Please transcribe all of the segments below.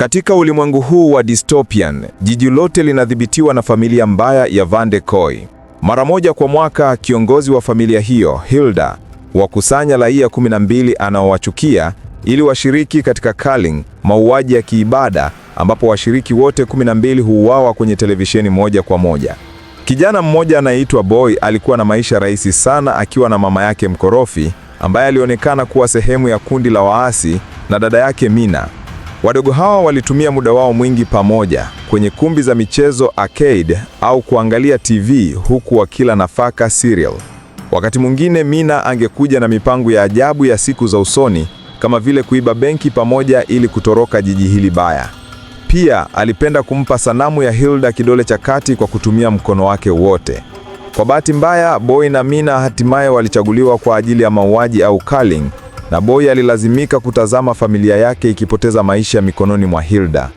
Katika ulimwengu huu wa dystopian, jiji lote linadhibitiwa na familia mbaya ya Van de Koy. Mara moja kwa mwaka, kiongozi wa familia hiyo, Hilda, wakusanya raia 12 anaowachukia ili washiriki katika culling, mauaji ya kiibada ambapo washiriki wote 12 huuawa kwenye televisheni moja kwa moja. Kijana mmoja anayeitwa Boy alikuwa na maisha rahisi sana akiwa na mama yake mkorofi ambaye alionekana kuwa sehemu ya kundi la waasi na dada yake Mina. Wadogo hawa walitumia muda wao mwingi pamoja kwenye kumbi za michezo arcade, au kuangalia TV huku wakila nafaka cereal. Wakati mwingine Mina angekuja na mipango ya ajabu ya siku za usoni kama vile kuiba benki pamoja ili kutoroka jiji hili baya. Pia alipenda kumpa sanamu ya Hilda kidole cha kati kwa kutumia mkono wake wote. Kwa bahati mbaya, Boy na Mina hatimaye walichaguliwa kwa ajili ya mauaji au culling, na Boy alilazimika kutazama familia yake ikipoteza maisha mikononi mwa Hilda.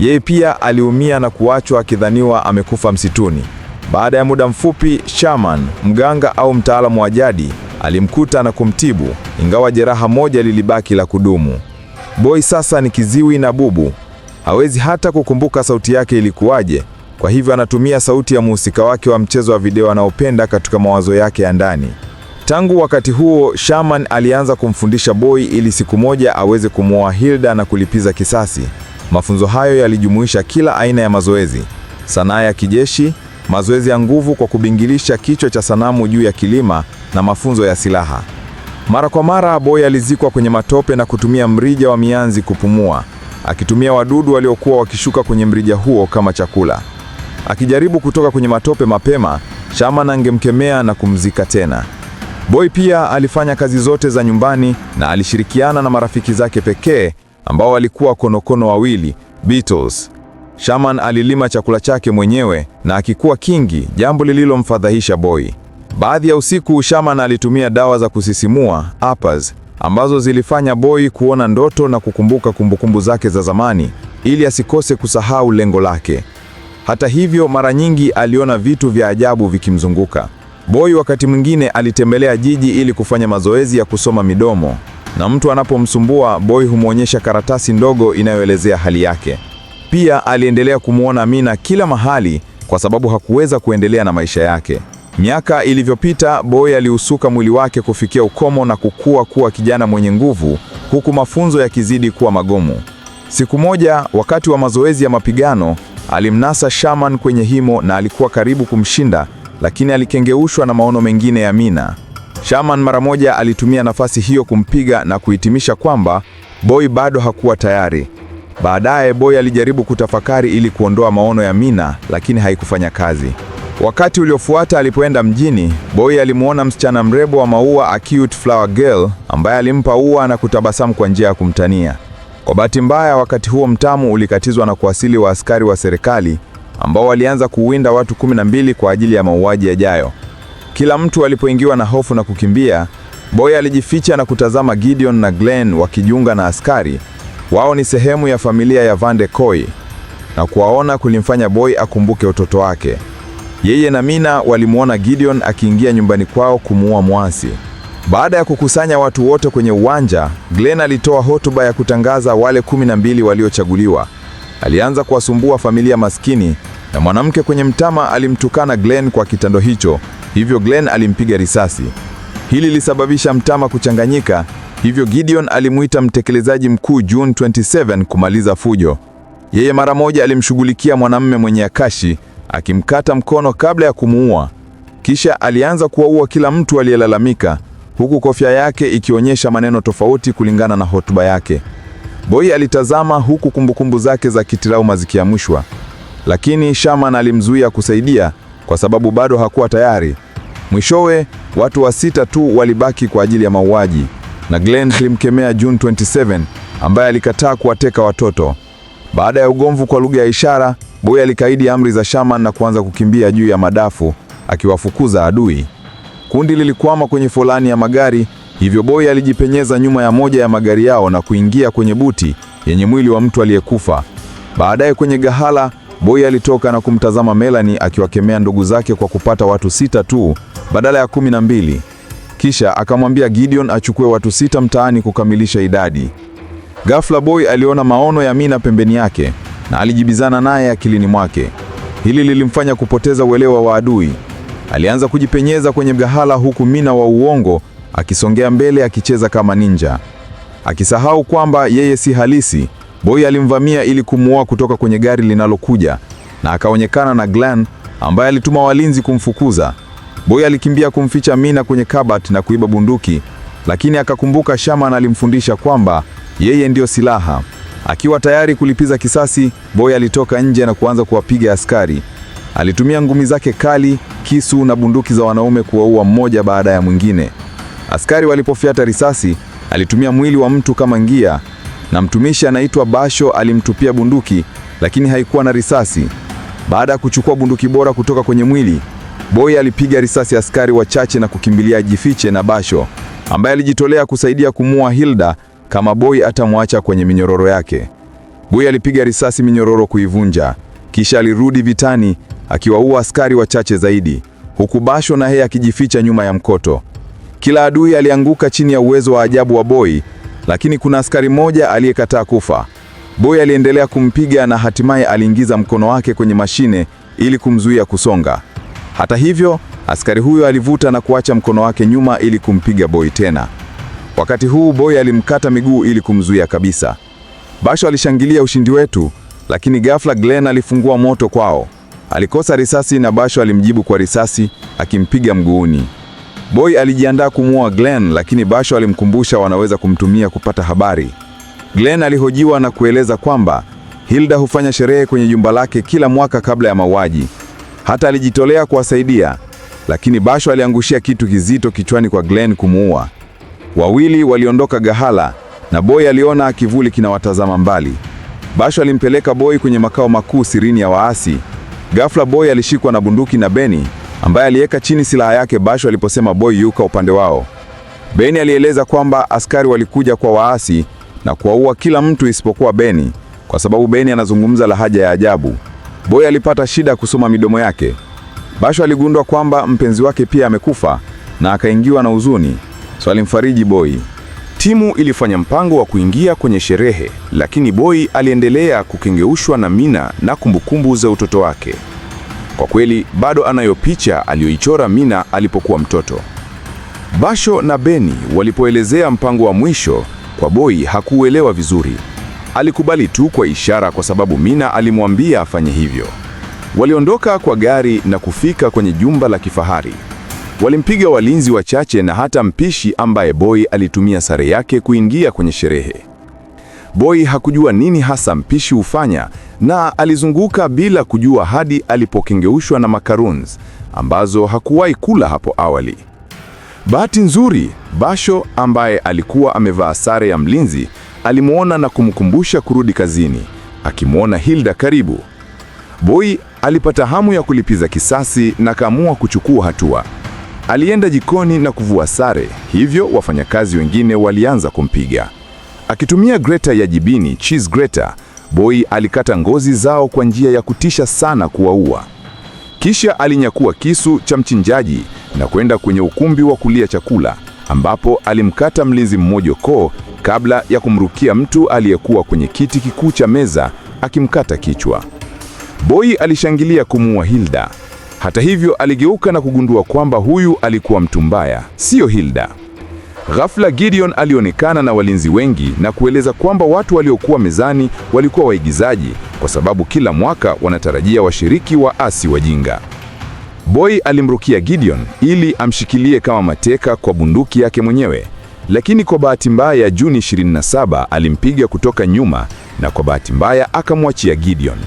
Yeye pia aliumia na kuachwa akidhaniwa amekufa msituni. Baada ya muda mfupi, shaman, mganga au mtaalamu wa jadi, alimkuta na kumtibu, ingawa jeraha moja lilibaki la kudumu. Boy sasa ni kiziwi na bubu, hawezi hata kukumbuka sauti yake ilikuwaje. Kwa hivyo anatumia sauti ya muhusika wake wa mchezo wa video anaopenda katika mawazo yake ya ndani. Tangu wakati huo, Shaman alianza kumfundisha Boy ili siku moja aweze kumwoa Hilda na kulipiza kisasi. Mafunzo hayo yalijumuisha kila aina ya mazoezi: sanaa ya kijeshi, mazoezi ya nguvu kwa kubingilisha kichwa cha sanamu juu ya kilima na mafunzo ya silaha. Mara kwa mara Boy alizikwa kwenye matope na kutumia mrija wa mianzi kupumua, akitumia wadudu waliokuwa wakishuka kwenye mrija huo kama chakula. Akijaribu kutoka kwenye matope mapema, Shaman angemkemea na kumzika tena. Boy pia alifanya kazi zote za nyumbani na alishirikiana na marafiki zake pekee ambao walikuwa konokono wawili Beatles. Shaman alilima chakula chake mwenyewe na akikuwa kingi, jambo lililomfadhaisha Boy. Baadhi ya usiku, Shaman alitumia dawa za kusisimua uppers, ambazo zilifanya Boy kuona ndoto na kukumbuka kumbukumbu zake za zamani ili asikose kusahau lengo lake. Hata hivyo, mara nyingi aliona vitu vya ajabu vikimzunguka. Boy wakati mwingine alitembelea jiji ili kufanya mazoezi ya kusoma midomo, na mtu anapomsumbua Boy humwonyesha karatasi ndogo inayoelezea hali yake. Pia aliendelea kumwona Amina kila mahali kwa sababu hakuweza kuendelea na maisha yake. Miaka ilivyopita, Boy aliusuka mwili wake kufikia ukomo na kukua kuwa kijana mwenye nguvu, huku mafunzo yakizidi kuwa magumu. Siku moja, wakati wa mazoezi ya mapigano, alimnasa Shaman kwenye himo na alikuwa karibu kumshinda, lakini alikengeushwa na maono mengine ya Mina. Shaman mara moja alitumia nafasi hiyo kumpiga na kuhitimisha kwamba Boy bado hakuwa tayari. Baadaye Boy alijaribu kutafakari ili kuondoa maono ya Mina, lakini haikufanya kazi. Wakati uliofuata alipoenda mjini, Boy alimwona msichana mrembo wa maua, a cute flower girl, ambaye alimpa ua na kutabasamu kwa njia ya kumtania. Kwa bahati mbaya, wakati huo mtamu ulikatizwa na kuwasili wa askari wa serikali ambao walianza kuwinda watu kumi na mbili kwa ajili ya mauaji yajayo. Kila mtu alipoingiwa na hofu na kukimbia, Boy alijificha na kutazama Gideon na Glenn wakijiunga na askari. Wao ni sehemu ya familia ya Van de Koy, na kuwaona kulimfanya Boy akumbuke utoto wake. Yeye na Mina walimwona Gideon akiingia nyumbani kwao kumuua mwasi. Baada ya kukusanya watu wote kwenye uwanja, Glenn alitoa hotuba ya kutangaza wale kumi na mbili waliochaguliwa. Alianza kuwasumbua familia maskini na mwanamke kwenye mtama alimtukana Glenn kwa kitendo hicho, hivyo Glenn alimpiga risasi. Hili lisababisha mtama kuchanganyika, hivyo Gideon alimwita mtekelezaji mkuu June 27 kumaliza fujo. Yeye mara moja alimshughulikia mwanamume mwenye akashi akimkata mkono kabla ya kumuua. Kisha alianza kuwaua kila mtu aliyelalamika, huku kofia yake ikionyesha maneno tofauti kulingana na hotuba yake. Boy alitazama huku kumbukumbu zake za kitirauma zikiamshwa lakini Shaman alimzuia kusaidia kwa sababu bado hakuwa tayari. Mwishowe watu wa sita tu walibaki kwa ajili ya mauaji, na Glenn alimkemea June 27 ambaye alikataa kuwateka watoto. Baada ya ugomvu kwa lugha ya ishara, Boy alikaidi amri za Shaman na kuanza kukimbia juu ya madafu akiwafukuza adui. Kundi lilikwama kwenye folani ya magari, hivyo Boy alijipenyeza nyuma ya moja ya magari yao na kuingia kwenye buti yenye mwili wa mtu aliyekufa. Baadaye kwenye gahala Boy alitoka na kumtazama Melanie akiwakemea ndugu zake kwa kupata watu sita tu badala ya kumi na mbili. Kisha akamwambia Gideon achukue watu sita mtaani kukamilisha idadi. Ghafla Boy aliona maono ya Mina pembeni yake na alijibizana naye akilini mwake. Hili lilimfanya kupoteza uelewa wa adui. Alianza kujipenyeza kwenye mgahala huku Mina wa uongo akisongea mbele akicheza kama ninja, akisahau kwamba yeye si halisi Boy alimvamia ili kumuua kutoka kwenye gari linalokuja na akaonekana na Glenn ambaye alituma walinzi kumfukuza. Boy alikimbia kumficha Mina kwenye kabati na kuiba bunduki, lakini akakumbuka Shaman alimfundisha kwamba yeye ndiyo silaha. Akiwa tayari kulipiza kisasi, Boy alitoka nje na kuanza kuwapiga askari. Alitumia ngumi zake kali, kisu na bunduki za wanaume kuwaua mmoja baada ya mwingine. Askari walipofyata risasi, alitumia mwili wa mtu kama ngia na mtumishi anaitwa Basho alimtupia bunduki, lakini haikuwa na risasi. Baada ya kuchukua bunduki bora kutoka kwenye mwili, Boy alipiga risasi askari wachache na kukimbilia jifiche na Basho ambaye alijitolea kusaidia kumua Hilda kama Boy atamwacha kwenye minyororo yake. Boy alipiga risasi minyororo kuivunja, kisha alirudi vitani akiwaua askari wachache zaidi, huku Basho na yeye akijificha nyuma ya mkoto. Kila adui alianguka chini ya uwezo wa ajabu wa Boy lakini kuna askari mmoja aliyekataa kufa. Boy aliendelea kumpiga na hatimaye aliingiza mkono wake kwenye mashine ili kumzuia kusonga. Hata hivyo, askari huyo alivuta na kuacha mkono wake nyuma ili kumpiga Boy tena. Wakati huu Boy alimkata miguu ili kumzuia kabisa. Basho alishangilia ushindi wetu, lakini ghafla glen alifungua moto kwao. Alikosa risasi na Basho alimjibu kwa risasi akimpiga mguuni. Boy alijiandaa kumuua Glenn, lakini Basho alimkumbusha wanaweza kumtumia kupata habari. Glenn alihojiwa na kueleza kwamba Hilda hufanya sherehe kwenye jumba lake kila mwaka kabla ya mauaji. Hata alijitolea kuwasaidia, lakini Basho aliangushia kitu kizito kichwani kwa Glenn kumuua. Wawili waliondoka gahala na Boy aliona kivuli kinawatazama mbali. Basho alimpeleka Boy kwenye makao makuu sirini ya waasi. Ghafla Boy alishikwa na bunduki na Beni ambaye aliweka chini silaha yake Basho aliposema Boy yuka upande wao. Beni alieleza kwamba askari walikuja kwa waasi na kuwaua kila mtu isipokuwa Beni, kwa sababu Beni anazungumza lahaja ya ajabu. Boy alipata shida kusoma midomo yake. Basho aligundua kwamba mpenzi wake pia amekufa na akaingiwa na huzuni, so alimfariji Boy. Timu ilifanya mpango wa kuingia kwenye sherehe, lakini Boy aliendelea kukengeushwa na Mina na kumbukumbu za utoto wake. Kwa kweli bado anayo picha aliyoichora Mina alipokuwa mtoto. Basho na Beni walipoelezea mpango wa mwisho kwa Boi, hakuuelewa vizuri. Alikubali tu kwa ishara, kwa sababu Mina alimwambia afanye hivyo. Waliondoka kwa gari na kufika kwenye jumba la kifahari. Walimpiga walinzi wachache na hata mpishi ambaye Boi alitumia sare yake kuingia kwenye sherehe. Boy hakujua nini hasa mpishi hufanya na alizunguka bila kujua hadi alipokengeushwa na macaroons ambazo hakuwahi kula hapo awali. Bahati nzuri, Basho ambaye alikuwa amevaa sare ya mlinzi alimwona na kumkumbusha kurudi kazini, akimwona Hilda karibu. Boy alipata hamu ya kulipiza kisasi na kaamua kuchukua hatua. Alienda jikoni na kuvua sare, hivyo wafanyakazi wengine walianza kumpiga. Akitumia greta ya jibini cheese grater, Boy alikata ngozi zao kwa njia ya kutisha sana kuwaua. Kisha alinyakua kisu cha mchinjaji na kwenda kwenye ukumbi wa kulia chakula ambapo alimkata mlinzi mmoja koo kabla ya kumrukia mtu aliyekuwa kwenye kiti kikuu cha meza akimkata kichwa. Boy alishangilia kumuua Hilda. Hata hivyo, aligeuka na kugundua kwamba huyu alikuwa mtu mbaya, siyo Hilda. Ghafla Gideon alionekana na walinzi wengi na kueleza kwamba watu waliokuwa mezani walikuwa waigizaji, kwa sababu kila mwaka wanatarajia washiriki waasi wajinga. Boy alimrukia Gideon ili amshikilie kama mateka kwa bunduki yake mwenyewe, lakini kwa bahati mbaya Juni 27 alimpiga kutoka nyuma na kwa bahati mbaya akamwachia Gideon.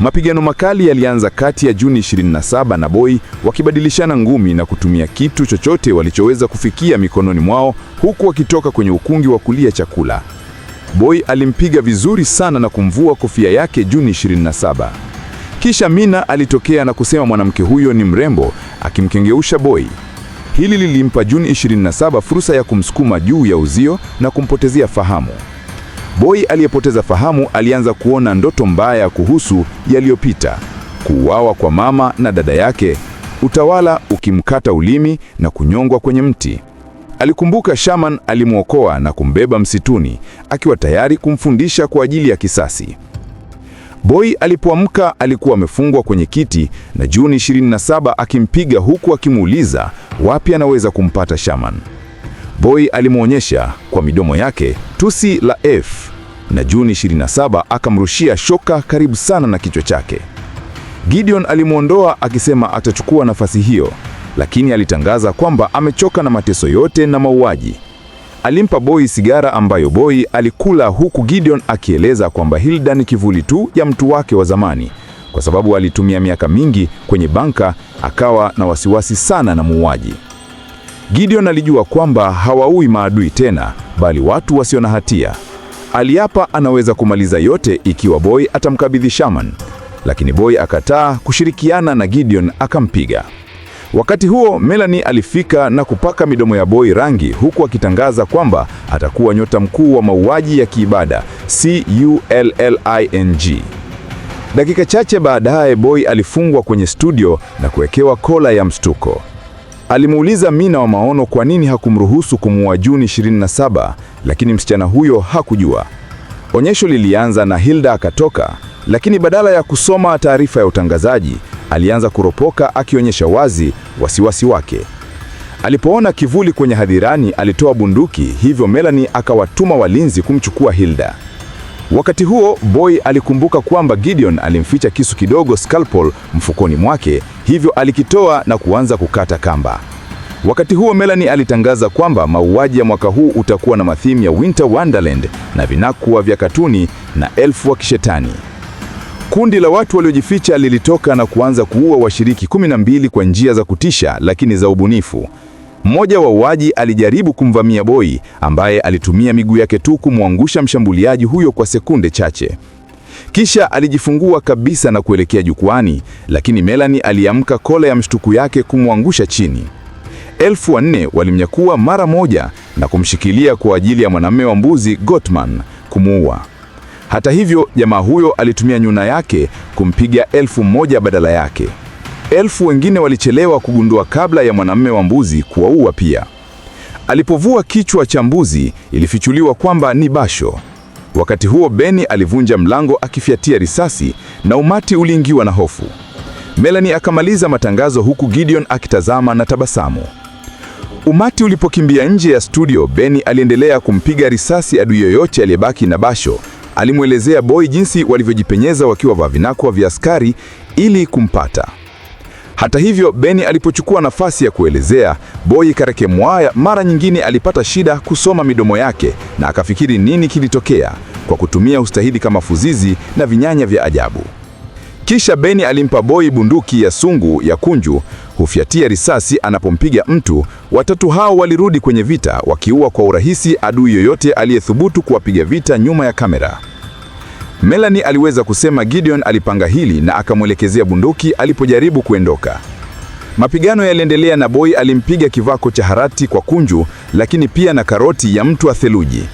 Mapigano makali yalianza kati ya Juni 27 na Boi wakibadilishana ngumi na kutumia kitu chochote walichoweza kufikia mikononi mwao huku wakitoka kwenye ukungi wa kulia chakula. Boi alimpiga vizuri sana na kumvua kofia yake Juni 27. Kisha Mina alitokea na kusema mwanamke huyo ni mrembo, akimkengeusha Boi. Hili lilimpa Juni 27 fursa ya kumsukuma juu ya uzio na kumpotezea fahamu. Boy aliyepoteza fahamu alianza kuona ndoto mbaya kuhusu yaliyopita: kuuawa kwa mama na dada yake, utawala ukimkata ulimi na kunyongwa kwenye mti. Alikumbuka shaman alimwokoa na kumbeba msituni, akiwa tayari kumfundisha kwa ajili ya kisasi. Boy alipoamka alikuwa amefungwa kwenye kiti na Juni 27 akimpiga huku akimuuliza wapi anaweza kumpata shaman. Boy alimwonyesha kwa midomo yake tusi la F na Juni 27 akamrushia shoka karibu sana na kichwa chake. Gideon alimwondoa akisema atachukua nafasi hiyo, lakini alitangaza kwamba amechoka na mateso yote na mauaji. Alimpa Boy sigara ambayo Boy alikula huku Gideon akieleza kwamba Hilda ni kivuli tu ya mtu wake wa zamani kwa sababu alitumia miaka mingi kwenye banka, akawa na wasiwasi sana na muuaji. Gideon alijua kwamba hawaui maadui tena, bali watu wasio na hatia. Aliapa anaweza kumaliza yote ikiwa Boy atamkabidhi Shaman, lakini Boy akataa kushirikiana na Gideon akampiga. Wakati huo Melanie alifika na kupaka midomo ya Boy rangi huku akitangaza kwamba atakuwa nyota mkuu wa mauaji ya kiibada CULLING. Dakika chache baadaye Boy alifungwa kwenye studio na kuwekewa kola ya mshtuko. Alimuuliza Mina wa maono kwa nini hakumruhusu kumuua Juni 27, lakini msichana huyo hakujua. Onyesho lilianza na Hilda akatoka, lakini badala ya kusoma taarifa ya utangazaji, alianza kuropoka akionyesha wazi wasiwasi wake. Alipoona kivuli kwenye hadhirani alitoa bunduki, hivyo Melanie akawatuma walinzi kumchukua Hilda. Wakati huo Boy alikumbuka kwamba Gideon alimficha kisu kidogo, scalpel, mfukoni mwake hivyo alikitoa na kuanza kukata kamba. Wakati huo Melanie alitangaza kwamba mauaji ya mwaka huu utakuwa na mathimu ya Winter Wonderland na vinakuwa vya katuni na elfu wa kishetani. Kundi la watu waliojificha lilitoka na kuanza kuua washiriki 12 kwa njia za kutisha lakini za ubunifu. Mmoja wa wauaji alijaribu kumvamia Boi ambaye alitumia miguu yake tu kumwangusha mshambuliaji huyo kwa sekunde chache. Kisha alijifungua kabisa na kuelekea jukwani, lakini Melanie aliamka kola ya mshtuku yake kumwangusha chini. Elfu wanne walimnyakua mara moja na kumshikilia kwa ajili ya mwanamume wa mbuzi Gottman kumuua. Hata hivyo, jamaa huyo alitumia nyuna yake kumpiga elfu moja badala yake. Elfu wengine walichelewa kugundua kabla ya mwanamume wa mbuzi kuwaua pia. Alipovua kichwa cha mbuzi, ilifichuliwa kwamba ni Basho. Wakati huo Beni alivunja mlango akifyatia risasi na umati uliingiwa na hofu. Melanie akamaliza matangazo huku Gideon akitazama na tabasamu. Umati ulipokimbia nje ya studio, Beni aliendelea kumpiga risasi adui yoyote aliyebaki na basho. Alimwelezea Boy jinsi walivyojipenyeza wakiwa vavinakwa vya askari ili kumpata. Hata hivyo, Beni alipochukua nafasi ya kuelezea, Boyi Kareke Mwaya mara nyingine alipata shida kusoma midomo yake na akafikiri nini kilitokea, kwa kutumia ustahili kama fuzizi na vinyanya vya ajabu. Kisha Beni alimpa Boyi bunduki ya sungu ya kunju hufyatia risasi anapompiga mtu. Watatu hao walirudi kwenye vita wakiua kwa urahisi adui yoyote aliyethubutu kuwapiga vita nyuma ya kamera. Melanie aliweza kusema Gideon alipanga hili na akamwelekezea bunduki alipojaribu kuendoka. Mapigano yaliendelea na Boy alimpiga kivako cha Harati kwa kunju, lakini pia na karoti ya mtu wa theluji.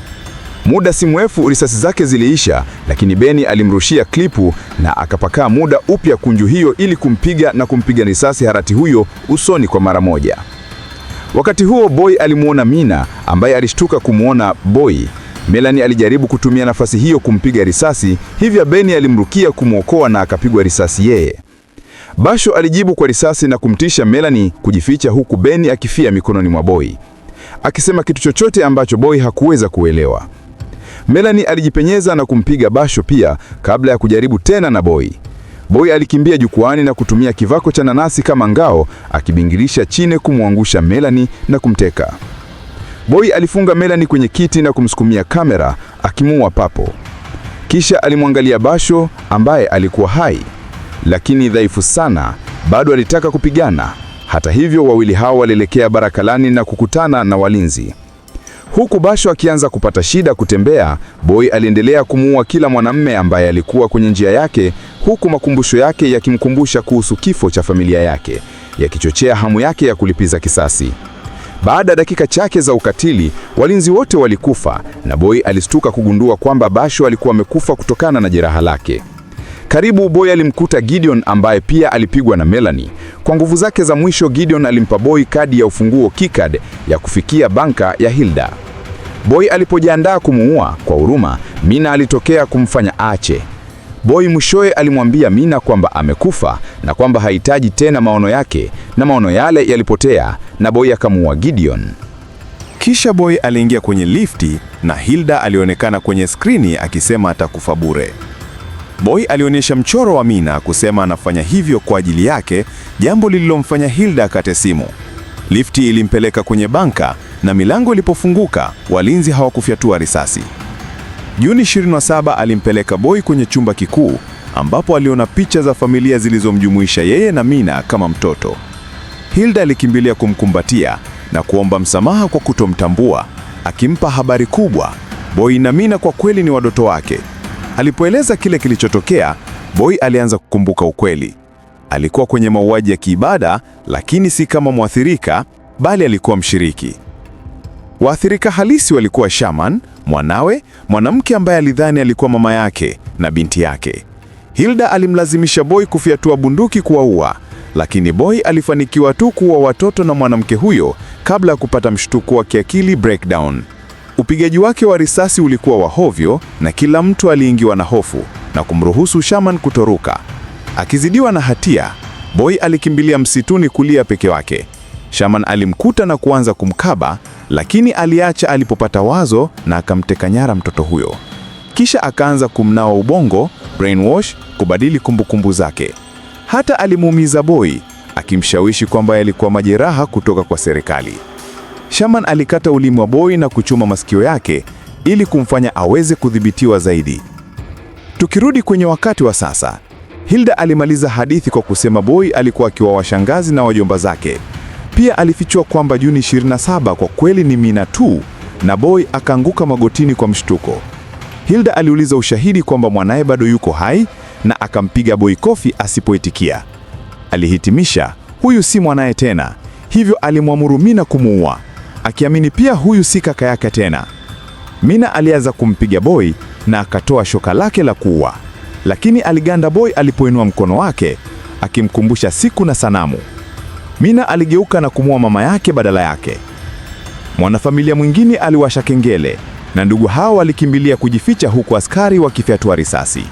Muda si mrefu risasi zake ziliisha, lakini Beni alimrushia klipu na akapakaa muda upya kunju hiyo ili kumpiga na kumpiga risasi Harati huyo usoni kwa mara moja. Wakati huo Boy alimwona Mina ambaye alishtuka kumwona Boy melani alijaribu kutumia nafasi hiyo kumpiga risasi, hivyo Beni alimrukia kumwokoa na akapigwa risasi yeye. Basho alijibu kwa risasi na kumtisha melani kujificha, huku Beni akifia mikononi mwa Boy akisema kitu chochote ambacho Boy hakuweza kuelewa. melani alijipenyeza na kumpiga Basho pia kabla ya kujaribu tena na Boy. Boy alikimbia jukwani na kutumia kivako cha nanasi kama ngao, akibingirisha chini kumwangusha melani na kumteka. Boy alifunga Melanie kwenye kiti na kumsukumia kamera akimuua papo. Kisha alimwangalia Basho ambaye alikuwa hai lakini dhaifu sana, bado alitaka kupigana. Hata hivyo, wawili hao walielekea barakalani na kukutana na walinzi. Huku Basho akianza kupata shida kutembea, Boy aliendelea kumuua kila mwanamme ambaye alikuwa kwenye njia yake, huku makumbusho yake yakimkumbusha kuhusu kifo cha familia yake, yakichochea hamu yake ya kulipiza kisasi. Baada ya dakika chache za ukatili, walinzi wote walikufa na Boy alistuka kugundua kwamba Basho alikuwa amekufa kutokana na jeraha lake. Karibu Boy alimkuta Gideon ambaye pia alipigwa na Melanie. Kwa nguvu zake za mwisho, Gideon alimpa Boy kadi ya ufunguo keycard ya kufikia banka ya Hilda. Boy alipojiandaa kumuua kwa huruma, Mina alitokea kumfanya ache Boy mwishowe alimwambia Mina kwamba amekufa na kwamba hahitaji tena maono yake, na maono yale yalipotea na Boy akamuua Gideon. Kisha Boy aliingia kwenye lifti na Hilda alionekana kwenye skrini akisema atakufa bure. Boy alionyesha mchoro wa Mina kusema anafanya hivyo kwa ajili yake, jambo lililomfanya Hilda akate simu. Lifti ilimpeleka kwenye banka na milango ilipofunguka, walinzi hawakufyatua risasi. Juni 27 alimpeleka Boy kwenye chumba kikuu ambapo aliona picha za familia zilizomjumuisha yeye na Mina kama mtoto. Hilda alikimbilia kumkumbatia na kuomba msamaha kwa kutomtambua, akimpa habari kubwa, Boy na Mina kwa kweli ni wadoto wake. Alipoeleza kile kilichotokea, Boy alianza kukumbuka ukweli. Alikuwa kwenye mauaji ya kiibada, lakini si kama mwathirika, bali alikuwa mshiriki. Waathirika halisi walikuwa shaman mwanawe, mwanamke ambaye alidhani alikuwa mama yake na binti yake. Hilda alimlazimisha Boy kufyatua bunduki kuwaua, lakini Boy alifanikiwa tu kuua watoto na mwanamke huyo kabla ya kupata mshtuko wa kiakili breakdown. Upigaji wake wa risasi ulikuwa wa hovyo na kila mtu aliingiwa na hofu na kumruhusu Shaman kutoroka. Akizidiwa na hatia, Boy alikimbilia msituni kulia peke yake. Shaman alimkuta na kuanza kumkaba, lakini aliacha alipopata wazo na akamteka nyara mtoto huyo. Kisha akaanza kumnawa ubongo, brainwash, kubadili kumbukumbu zake. Hata alimuumiza Boy akimshawishi kwamba yalikuwa majeraha kutoka kwa serikali. Shaman alikata ulimi wa Boy na kuchuma masikio yake ili kumfanya aweze kudhibitiwa zaidi. Tukirudi kwenye wakati wa sasa, Hilda alimaliza hadithi kwa kusema Boy alikuwa akiwa washangazi na wajomba zake. Pia alifichua kwamba Juni 27 kwa kweli ni Mina tu, na Boy akaanguka magotini kwa mshtuko. Hilda aliuliza ushahidi kwamba mwanaye bado yuko hai na akampiga Boy kofi asipoitikia. Alihitimisha, huyu si mwanaye tena, hivyo alimwamuru Mina kumuua, akiamini pia huyu si kaka yake tena. Mina alianza kumpiga Boy na akatoa shoka lake la kuua, lakini aliganda Boy alipoinua mkono wake akimkumbusha siku na sanamu. Mina aligeuka na kumua mama yake badala yake. Mwanafamilia mwingine aliwasha kengele na ndugu hao walikimbilia kujificha huku askari wakifyatua risasi.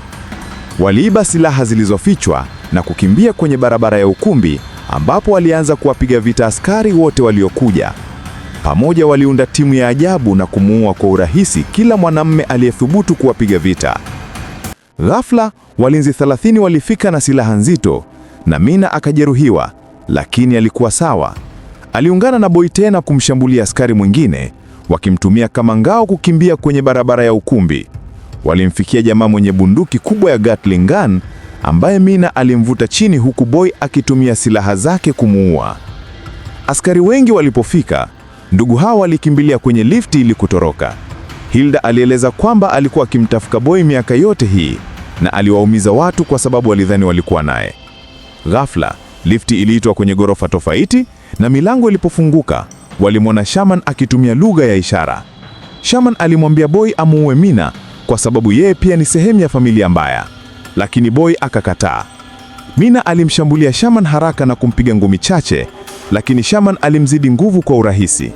Waliiba silaha zilizofichwa na kukimbia kwenye barabara ya ukumbi ambapo walianza kuwapiga vita askari wote waliokuja. Pamoja waliunda timu ya ajabu na kumuua kwa urahisi kila mwanamume aliyethubutu kuwapiga vita. Ghafla, walinzi 30 walifika na silaha nzito na Mina akajeruhiwa lakini alikuwa sawa. Aliungana na Boy tena kumshambulia askari mwingine, wakimtumia kama ngao kukimbia kwenye barabara ya ukumbi. Walimfikia jamaa mwenye bunduki kubwa ya Gatling gun ambaye Mina alimvuta chini huku Boy akitumia silaha zake kumuua. Askari wengi walipofika, ndugu hao walikimbilia kwenye lifti ili kutoroka. Hilda alieleza kwamba alikuwa akimtafuka Boy miaka yote hii na aliwaumiza watu kwa sababu walidhani walikuwa naye. Ghafla Lifti iliitwa kwenye ghorofa tofauti, na milango ilipofunguka walimwona Shaman akitumia lugha ya ishara. Shaman alimwambia Boy amuue Mina kwa sababu yeye pia ni sehemu ya familia mbaya, lakini Boy akakataa. Mina alimshambulia Shaman haraka na kumpiga ngumi chache, lakini Shaman alimzidi nguvu kwa urahisi.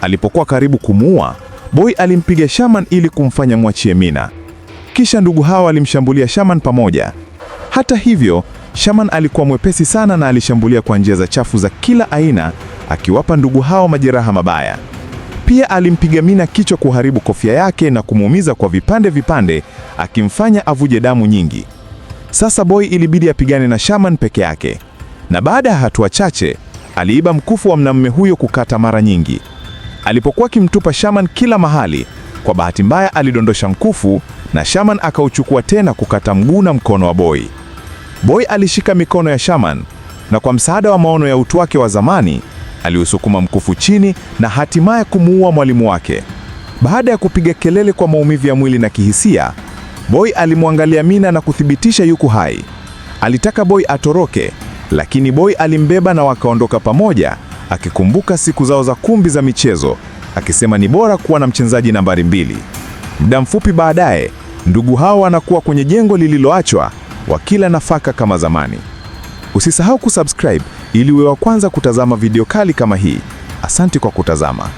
Alipokuwa karibu kumuua, Boy alimpiga Shaman ili kumfanya mwachie Mina. Kisha ndugu hawa alimshambulia Shaman pamoja. Hata hivyo, Shaman alikuwa mwepesi sana na alishambulia kwa njia za chafu za kila aina, akiwapa ndugu hao majeraha mabaya. Pia alimpiga Mina kichwa kuharibu kofia yake na kumuumiza kwa vipande vipande, akimfanya avuje damu nyingi. Sasa Boy ilibidi apigane na Shaman peke yake, na baada ya hatua chache aliiba mkufu wa mwanamume huyo kukata mara nyingi. Alipokuwa akimtupa Shaman kila mahali, kwa bahati mbaya alidondosha mkufu na Shaman akauchukua tena kukata mguu na mkono wa Boy. Boy alishika mikono ya Shaman na kwa msaada wa maono ya utu wake wa zamani aliusukuma mkufu chini na hatimaye kumuua mwalimu wake. Baada ya kupiga kelele kwa maumivu ya mwili na kihisia, Boy alimwangalia Mina na kuthibitisha yuko hai. Alitaka Boy atoroke, lakini Boy alimbeba na wakaondoka pamoja, akikumbuka siku zao za kumbi za michezo, akisema ni bora kuwa na mchezaji nambari mbili. Muda mfupi baadaye, ndugu hao wanakuwa kwenye jengo lililoachwa wa Kila Nafaka kama zamani. Usisahau kusubscribe ili uwe wa kwanza kutazama video kali kama hii. Asante kwa kutazama.